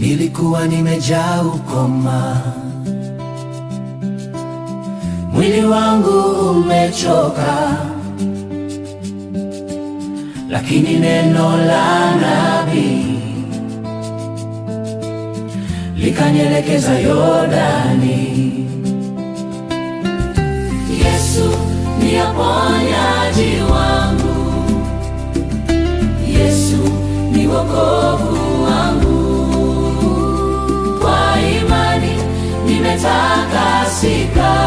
nilikuwa nimejaa ukoma, mwili wangu umechoka, lakini neno la nabii likanielekeza Yordani. Yesu ni aponyaji wangu, Yesu ni woko umetakasika